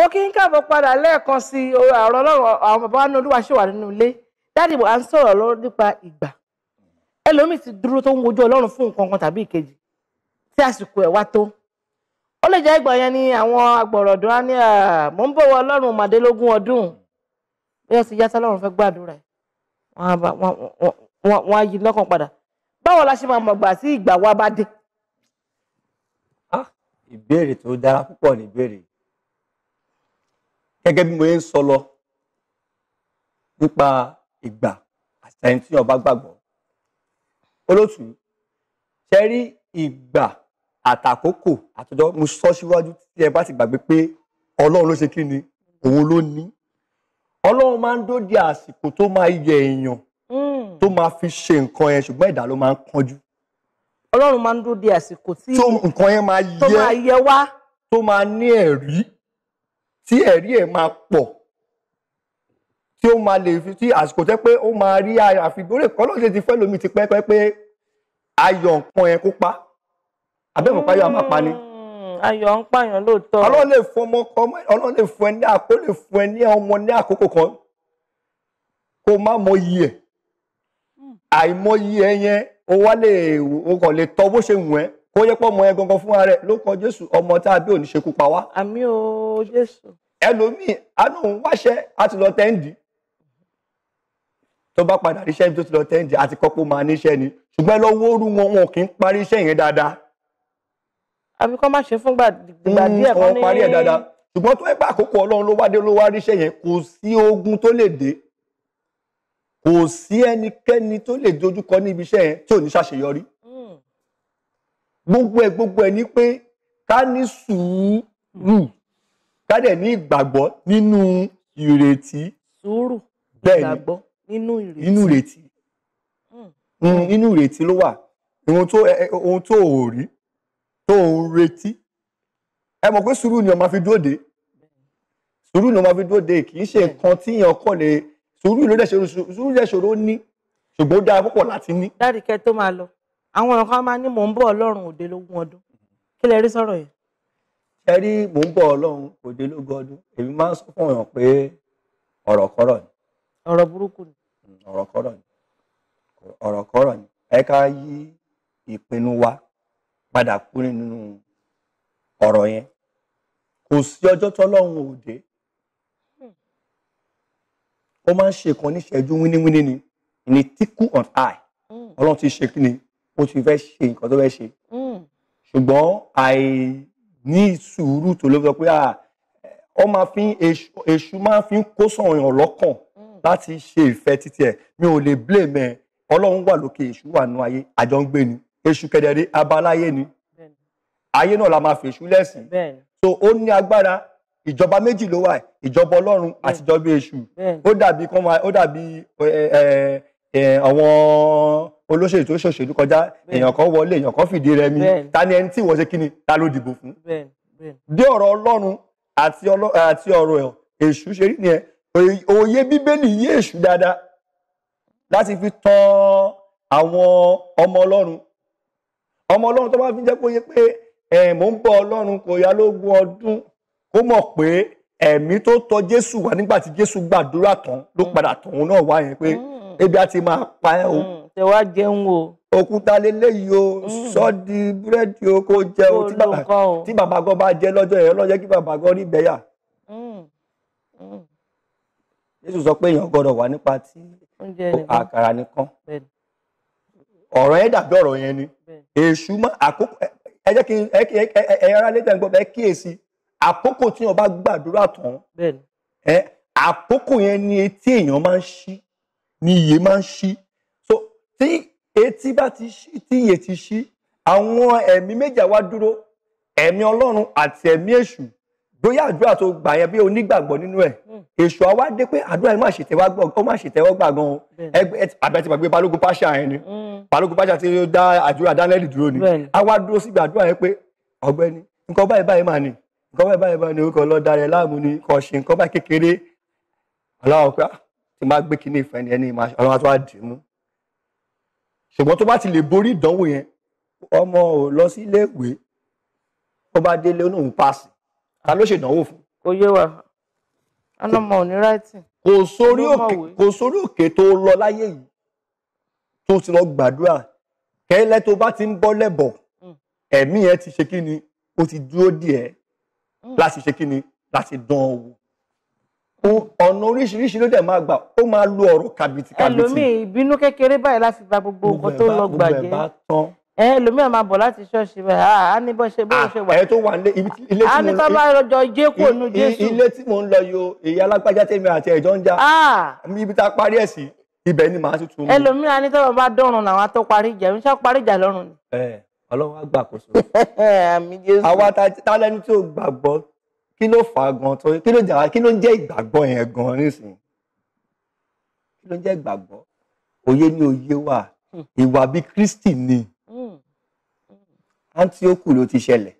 mo kí ń káàbọ̀ padà lẹ́ẹ̀kan sí ọ̀rọ̀ ọlọ́run àwọn bàbá ní olúwa ṣì wà nínú ilé dáàdì à ń sọ̀rọ̀ lọ nípa ìgbà ẹlòmíì ti dúró tó ń wojú ọlọ́run fún nǹkan kan tàbí ìkejì tí àsìkò ẹ̀ wá tó ó lè jẹ́ ìgbà yẹn ni àwọn agbọ̀rọ̀dún á ní mò ń bọ̀wọ̀ ọlọ́run màdélógún ọdún bóyá ti yàtọ̀ ọlọ́run fẹ́ gbàdúrà ẹ̀ wọ́n á yí lọ́kàn padà báwo la ṣe máa mọ̀ gbà sí ìgbà wa bá dé. Ah, ìbéèrè tó dára púpọ̀ ní ìbéèrè gẹ́gẹ́ bí mo yẹn ń sọ lọ nípa ìgbà àtẹ̀yìn tí ọba gbàgbọ́ olótù ṣe rí ìgbà àtàkókò àtọjọ́ mo sọ síwájú tí ẹ bá ti gbàgbé pé Ọlọ́run ló ṣe kí ni òun ló ní Ọlọ́run máa ń dóde àsìkò tó máa yẹ èèyàn hmm. tó máa fi ṣe nǹkan yẹn ṣùgbọ́n ẹ̀dá ló máa ń kánjú. Ọlọ́run máa ń dóde àsìkò tí nǹkan yẹn máa yẹ wá tó máa ní ẹ̀rí tí ẹ̀rí ẹ̀ máa pọ̀ tí ó máa lè fi tí àsìkò tẹ́ pé ó máa rí àfi lórí ẹ̀kọ́ lọ́sẹ̀ ti fẹ́ lómi ti pẹ́pẹ́ pé ayọ̀ nǹkan ẹ̀ kó pa abẹ́mọ̀ payọ̀ a máa pa ni. Hmm, ayọ̀ ń pààyàn lóòótọ́. ọlọ́run lè fún ọmọ kan ọlọ́run lè fún ẹ ní àkókò lè fún ẹ ní ọmọ ní àkókò kan kó má mọ iye ẹ̀ hmm. àìmọye ẹ yẹn ó wá lè ó kàn lè tọ́ bó ṣe wù ẹ́ kó yẹ pé ọmọ yẹn gangan fúnra rẹ̀ ló kọ jésù ọmọ tá a bí òní ṣekú pa wá. àmì o jésù. ẹlòmíì àánú ń wáṣẹ àti lọ tẹ́ǹdì tó bá padà ríṣẹ́ tó ti lọ tẹ́ǹdì àti kọ́pọ̀ máa níṣẹ́ ni ṣùgbọ́n lọ́wọ́ oru wọn wọn kì í parí iṣẹ́ yẹn dáadáa. àbí kọ́ má ṣe fúngbà hmm, díẹ̀ kan ní. wọ́n parí ẹ̀ dáadáa ṣùgbọ́n tó ẹ bá àkókò ọlọ́run ló wá ló wá ríṣẹ́ yẹn kò sí ogun tó lè dé kò sí ẹnikẹ́ni tó lè dojúkọ níbi iṣẹ́ yẹn tí ò ní ṣàṣeyọrí gbogbo ẹ̀ gbogbo ẹ̀ ni pé ká ní sùúrù ká dẹ̀ ní ìgbàgbọ́ nínú ìrètí. sùúrù ìgbàgbọ́ nínú ìrètí. nínú ìrètí hmm. Hmm, nínú ìrètí ló wà ohun tó ohun tó ò rí tó ò retí ẹ mọ̀ pé sùúrù ni o máa fi dúró de sùúrù ni o máa fi dúró de kì í ṣe nǹkan tí èèyàn kọ̀ lè sùúrù ló dẹ̀ ṣòro sùúrù dẹ̀ ṣòro ní ṣùgbọ́n ó dára púpọ̀ láti ní. dáríkẹ́ tó máa lọ àwọn èèyàn kan máa ní mò ń bọ̀ ọlọ́run òde lógún ọdún kí lẹ rí sọ̀rọ̀ yẹn. ṣe rí mò ń bọ̀ ọlọ́run òde lógún ọdún èmi máa ń sọ fún èèyàn pé ọ̀rọ̀ kọ́rọ̀ ni. ọ̀rọ̀ burúkú ni. Hmm, ọ̀rọ̀ kọ́rọ̀ ni ọ̀rọ̀ kọ́rọ̀ ni ẹ ká yí ìpinnu wa padà kú nínú ọ̀rọ̀ yẹn kò sí ọjọ́ tọ́lọ́run òde ó máa ń ṣe kan níṣẹ́jú wíníwíní ni ni tickle on eye hmm. ọlọ́run ti ṣe kí ni ó ti fẹ́ ṣe nǹkan tó fẹ́ ṣe hmm. ṣùgbọ́n àìní sùúrù tó ló sọ pé ọ máa fi èṣù máa fi kó sọ̀yàn lọ́kàn hmm. láti ṣe ìfẹ́ títí ẹ̀ mi ò lè blame ẹ̀ ọlọ́run wà lókè èṣù wà nù ayé àjọ ń gbé ni èṣù kẹ̀dẹ̀rẹ̀ abaláyé ni ayé náà la máa fi èṣù lẹ́sìn so ó ní agbára ìjọba méjì ló wà ìjọba ọlọ́run àti ìjọba èṣù ó dàbí àwọn olóṣèlú tó ṣòṣèlú kọjá èèyàn kan wọlé èèyàn kan fìdí rẹmi ta ni ẹni tí wọ́n ṣe kí ni ta ló dìbò fún. bí ọ̀rọ̀ ọlọ́run àti ọ̀rọ̀ èṣù ṣe rí nìyẹn òye bíbélì yé èṣù dáadáa láti fi tan àwọn ọmọ ọlọ́run ọmọ ọlọ́run tó bá fi jẹ́ kó yé pé ẹ̀ mò ń bọ ọlọ́run kò yá lógún ọdún kó mọ̀ pé ẹ̀mí tó tọ jésù wá nígbà tí jésù gbàdúrà tán ló mm. padà tàn òun náà wá yẹn pé mm. ebi á máa pa ẹ́ o. Mm tẹ wá jẹun o. òkúta lélẹ́yìí o mm. sọ di búrẹ́dì o kò jẹ o tí bàbá gan bá jẹ lọ́jọ́ yẹn lọ́jọ́ kí bàbá gan rí bẹ́yà. Mm. Mm. Jésù sọ pé èèyàn gbọ́dọ̀ wà nípa tí àkàrà nìkan ọ̀rọ̀ yẹn dàbí ọ̀rọ̀ yẹn ni èṣù mọ́ àkókò ẹ jẹ́ kí ẹ ara létẹ̀ gbọ́ bẹ́ẹ̀ kíyèsí àkókò tí èèyàn bá gbàdúrà tán àkókò yẹn ni etí èèyàn máa ń ṣí ni iye máa ń ṣí tí etí bá ti ṣí tí ìyè ti ṣí àwọn ẹ̀mí méjì wá dúró ẹ̀mí ọlọ́run àti ẹ̀mí èṣù bóyá àdúrà tó gbà yẹn bí onígbàgbọ́ nínú ẹ̀ hmm. èṣù àwa dé pé àdúrà yìí má ṣe tẹ́wọ́ gbọ́ ó má ṣe tẹ́wọ́ gbà gan-an ẹgbẹ́ àbẹ̀tí gbàgbé balógun pàṣẹ àyẹn ni hmm. balógun pàṣẹ àti dá àdúrà dánẹ́lì dúró ni àwa dúró síbi àdúrà yẹn pé ọ̀gbẹ́ni nǹkan báyìí báyìí mà ní nǹkan báyìí báyìí mà ní orúkọ ọlọ́dà rẹ̀ láàmú ni kò ṣe nǹkan báyìí kékeré ọlọ́run pé ah, tí má gbé kíní ìfẹ́ ni ẹni ọlọ́run á tó wá dì í mú ṣùgbọ́n tó bá ti lè borí ìdánwò yẹn ọmọ ò lọ sí iléèwé ó bá délé olóhùn paasi ta ló ṣèdánwò fún. kò yé wa anamọ ò ní ráìtì. kò sórí òkè kò sórí òkè tó lọ láyé yìí tó ti lọ gbàdúrà kẹ́lẹ́ tó bá ti ń bọ́ lẹ́bọ̀ hmm. ẹ̀mí yẹn ti ṣe kí ni ó ti dúró díẹ̀ hmm. láti ṣe kí ni láti dán an wò ọ̀nà oríṣiríṣi ló dẹ̀ máa gbà ó máa lo ọ̀rọ̀ kàbìtì kàbìtì. ẹlòmíì ìbínú kékeré báyìí láti bà gbogbo nǹkan tó lọ gbàjẹ́ ẹlòmíì máa bọ̀ láti ṣọ́ọ̀ṣì rẹ̀ á ah, ní bó ṣe bó ṣe wà. Ah, ẹ tó wà ní ibi ilé tí mo lọ á ní bábá rọjò ìjé kò nu jésù. ilé tí mo ń lọ yo ìyá alágbájá tèmi àti ẹjọ ń jà ah! ibi tá a parí ẹ̀ sí ibẹ̀ ni màá tuntun. ẹlòmíì á ní tọ́wọ́ bá dọ̀rùn làwọn atọ́ parí ìjà ìṣá parí ìjà lọ́rùn ni. ẹ Ọlọ́run á gbàkóso. àmì jésù. àwa ta lẹnu tí ò gbàgbọ́ kí ló fà á gan torí kí ló jà kí ló ń jẹ́ ìgbàgbọ́ yẹn gan nísìnyí kí ló ń jẹ́ ìgbàgbọ́ òye ni òye wà hmm. ìwà bíi Kristi ni Áńtíókù hmm. ló ti ṣẹlẹ̀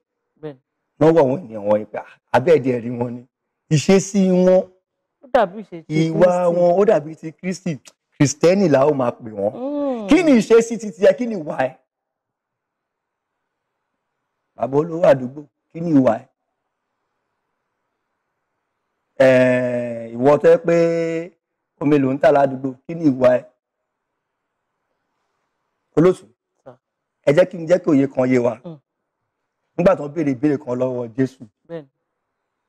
lọ́wọ́ àwọn ènìyàn wọn ìgbà ah, abẹ́ẹ̀dẹ̀ rí wọn ni ìṣesí wọn ìwà wọn ó dàbí ti Kristi Kristẹni là ó máa pè wọn hmm. kí ni ìṣesí titi tiẹ̀ kí ni ìwà ẹ̀ bàbá olówó àdúgbò kí ni ìwà ẹ̀ Eh, ìwọ tó yẹ pé omi ló ń tà ládùúgbò kí ni ìwà ẹ olóòtú ẹ jẹ́ kí n jẹ́ kí òye kan yé wa mm. nígbà tó ń béèrè ìbéèrè kan lọ́wọ́ Jésù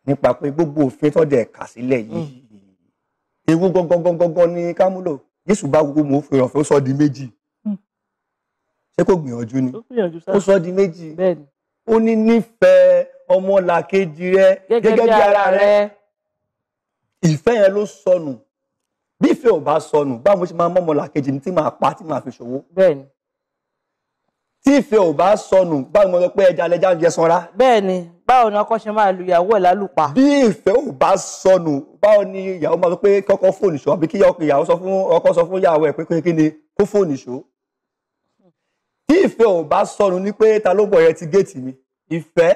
nípa pé gbogbo òfin tó dẹ̀ kà sílẹ̀ yìí mm. ewu gangan ní kámúlò Jésù bá gbogbo mò ń fi ìrànfẹ́ ó sọ di méjì mm. ṣé kò gbìyànjú ni ó sọ di méjì ó ní nífẹ̀ẹ́ ọmọlàkejì rẹ gẹ́gẹ́ bí ara rẹ ìfẹ́ yẹn ló sọnù bí ìfẹ́ ò bá sọnù báwo ṣe máa mọ́mọ́ làkejì ní tí màá pa tí màá fi ṣòwò. bẹ́ẹ̀ni. tí ìfẹ́ ò bá sọnù báwo ni mo sọ pé ẹja lẹja ń jẹ sanra. bẹ́ẹ̀ni báwo ni ọkọ ṣe máa lu ìyàwó ẹ̀ lálùpà. bí ìfẹ́ ò bá sọnù báwo ni ìyàwó máa sọ pé kọ́kọ́ fóònù ṣó àbí kí ìyàwó sọ fún ọkọ sọ fún ìyàwó ẹ̀ pé kí ni kó fóònù ṣó. tí ìfẹ́ ò bá sọnù ni pé ta ló bọ̀ yẹn ti géètì mi ìfẹ́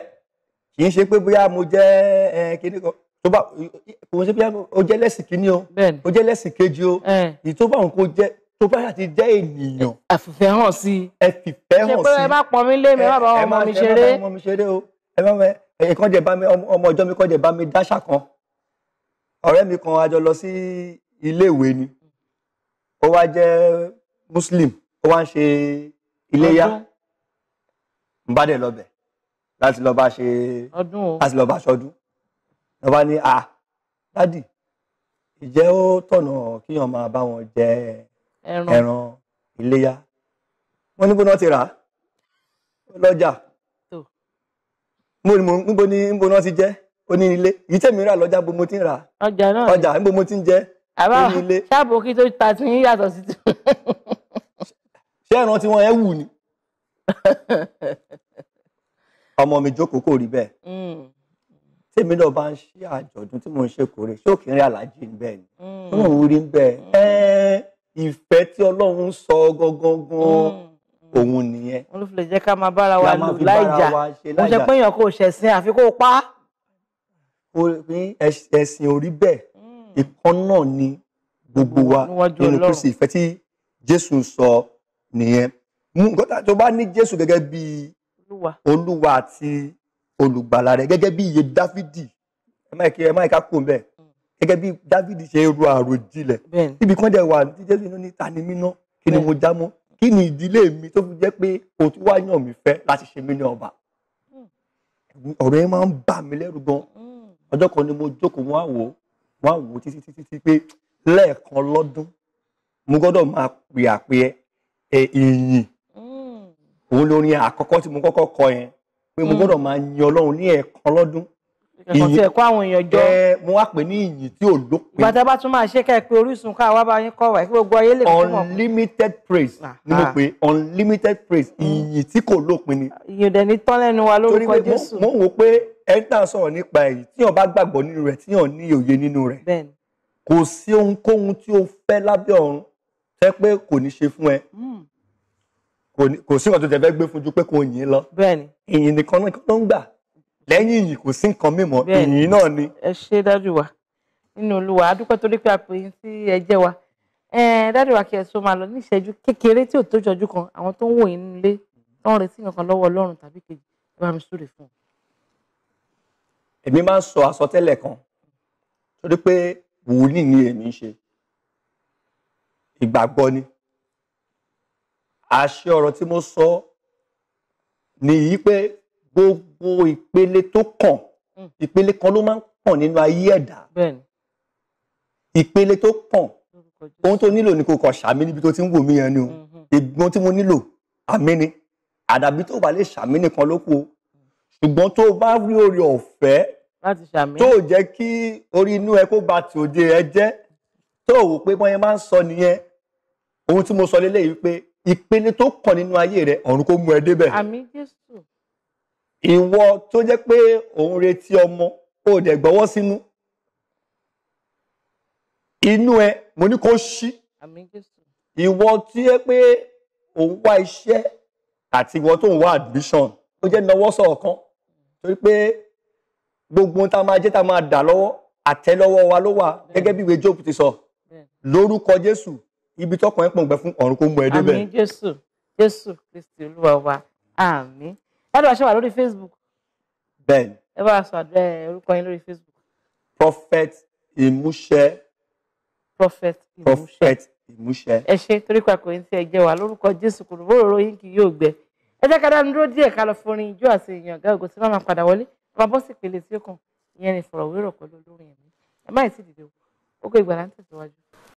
kì í ṣe pé bóyá mo jẹ́ ẹ kíní kan tó bá kò ṣe bí o jẹ́ lẹ́sìn kínní o o jẹ́ lẹ́sìn kejì o èyí tó bá òun kò jẹ́ tó bá ti jẹ́ ènìyàn. ẹ fìfẹ́ hàn sí i. ẹ fìfẹ́ hàn sí i. ṣe pé ẹ má pọn mi lé mi ẹ má bá ọmọ mi ṣeré. ẹ má bá ọmọ mi ṣeré o ẹ má bá ẹ̀kan dẹ̀ bá mi ọmọ ọjọ́ mi kọ́ dẹ̀ bá mi dáṣà kan ọ̀rẹ́ mi kan a jọ lọ sí ilé ìwé ni ó wá jẹ́ muslim ó wá ń ṣe iléyá ń bá dẹ̀ lọ bẹ̀ láti lọ bá ṣe láti lọ bá ṣọdún wọ́n bá ní ah dádì ìjẹ́ ó tọ̀nà kíyàn máa bá wọn jẹ ẹran iléyá wọ́n níbo náà ti rà á lọ́jà níbo ni níbo náà ti jẹ́ ó ní ilé yìí tèmi rà lọ́jà bó mo ti ń rà á ọjà náà níbo mo ti jẹ́ ó ilé. ṣáàbù kí tó ta ti ń yàtọ̀ sí tu. ṣé ẹran tí ẹ wù ni ọmọ mi jókòó kò rí bẹ́ẹ̀. Hmm tèmi náà bá ń ṣe àjọ̀dún tí mò ń ṣe kórè ṣé òkèèrè alájí ń bẹ́ẹ̀ ni tó mò ń rí ń bẹ́ẹ̀ mm. mm. ẹ́ ìfẹ́ tí ọlọ́run sọ gangan mm. òun nìyẹn. wọn ló fi lè jẹ́ ká máa bára wa lò láìjà mo ṣe pé èèyàn kò ṣẹ̀sìn àfi kó pa. ẹ̀sìn orí bẹ́ẹ̀ ìkan náà ni gbogbo wa nínú kristi ìfẹ́ tí jésù sọ nìyẹn nǹkan tó bá ní jésù gẹ́gẹ́ bíi olúwa àti olùgbàlà rẹ gẹ́gẹ́ bí iye dáfídì ẹ má ẹ má ká kó bẹ́ẹ̀ mm. gẹ́gẹ́ bí dáfídì ṣe ro àròjinlẹ̀ níbi kan wà tí jésù ní ta ni kí ni mo já mọ́ kí ni ìdílé mi tó fi jẹ́ pé o tún wá yàn mí fẹ́ láti ṣe mí ní ọba mm. ọ̀rọ̀ yẹn máa ń bà mí lẹ́rù gan mm. ọjọ́ kan ni mo jókòó wọn á wò wọn á wò títí títí pé lẹ́ẹ̀kan lọ́dún mo gbọ́dọ̀ máa pè àpè ẹ ìyìn òun lórin àkọ́kọ́ tí mo kọ́kọ́ kọ yẹn pé mo hmm. gbọ́dọ̀ máa yin Ọlọ́run ní ẹ̀ẹ̀kan lọ́dún. ẹ̀kan tí ẹ̀kọ́ àwọn èèyàn jọ. ẹ mo wá pè ní ìyìn tí ò lópin. bàtà bá tún máa ṣe ká ẹ pé Orísun ká wá bá yín kọ wá kí gbogbo ayé lè fún wọn. unlimited praise ah, ni mo ah. pè unlimited praise ìyìn tí kò lópin ni. ìyìn dẹ̀ ní tán lẹ́nu wa lórúkọ Jésù. mo wò pé ẹni tá à sọ̀rọ̀ nípa èyí tíyàn bá gbàgbọ́ nínú rẹ̀ tíyàn ní òye nínú rẹ̀ kò sí ohunkóhun tí o fẹ́ lábẹ́ ọ̀run fẹ́ pé kò ní ṣe fún ẹ hmm kò sí nǹkan tó tẹ fẹ́ gbé fún ju pé kò yìn lọ ìyìn nìkan náà ló ń gbà lẹ́yìn ìyìn kò sí nǹkan mímọ́ ìyìn náà ni. ẹ ṣe dájú wa nínú olúwa adúpẹ́ torí pé a pè é sí ẹjẹ́ wa dájú wa kí ẹ so máa lọ ní ìṣẹ́jú kékeré tí ò tó jọjú kan àwọn tó ń wò yín nílé tó ń retí nǹkan lọ́wọ́ ọlọ́run tàbí kejì ẹ bá mi súre fún un. èmi máa ń sọ àsọtẹ́lẹ̀ kan torí pé wòlíì ni èmi ń àṣẹ ọ̀rọ̀ tí mo sọ nìyí pé gbogbo ìpele tó kàn hmm. ìpele kan ló máa ń kàn nínú ayé ẹ̀dá ìpele tó kàn ohun tó nílò ni kò kàn ṣàmì níbi tó ti ń wò mí yẹn ni o hmm, hmm. ìgbọ́n tí mo nílò àmì ni àdàbí tó bá lè ṣàmì nìkan ló kù o ṣùgbọ́n tó bá rí orí ọ̀fẹ́ tó jẹ́ kí orí inú ẹ kó ba ti òde ẹ jẹ́ tó wò pé wọ́n yẹn máa ń sọ nìyẹn ohun tí mo sọ lélẹ́yìí pé ìpinnu tó kàn nínú ayé rẹ ọ̀run kó mú ẹ débẹ̀. àmín jésù. ìwọ tó jẹ́ pé òun retí ọmọ ó dẹ̀ gbọ́wọ́ sínú inú ẹ mo ní kó ṣí. àmín jésù. ìwọ tó jẹ́ pé òun wá iṣẹ́ àti ìwọ tó ń wá admission ó jẹ́ náwó sọ̀rọ̀ torí pé gbogbo ohun tá a máa jẹ́ tá a máa dà lọ́wọ́ àtẹ́lọ́wọ́ wa ló wà gẹ́gẹ́ bí ìwé Jóòbù ti sọ lórúkọ Jésù ibi tọkàn ẹ pọ̀ngbẹ fún ọ̀run kó mú ẹ débẹ̀. àmín jésù jésù kristi olúwa wa àmín ẹ lọ ṣe lórí facebook. bẹ́ẹ̀ni. ẹ bá a sọ àdúrà orúkọ yín lórí facebook. prophet ìmúṣẹ. prophet ìmúṣẹ. prophet ìmúṣẹ. ẹ ṣe torí pàkó yín tí ẹ jẹ wà lórúkọ jésù kò lóbó òróró yín kì yóò gbẹ ẹ jẹ́ ká dánu dúró díẹ̀ ká lọ forin ijó àti èèyàn ọ̀gá ògo tí wọ́n máa padà wọlé máa bọ́ sí ìpele tí ó kàn ìyẹn ni ìfọ̀rọ̀wérọ̀ pẹ̀lú olórin ẹ̀mí ẹ má ì tí dìde o ó gbé ìgbàlá ń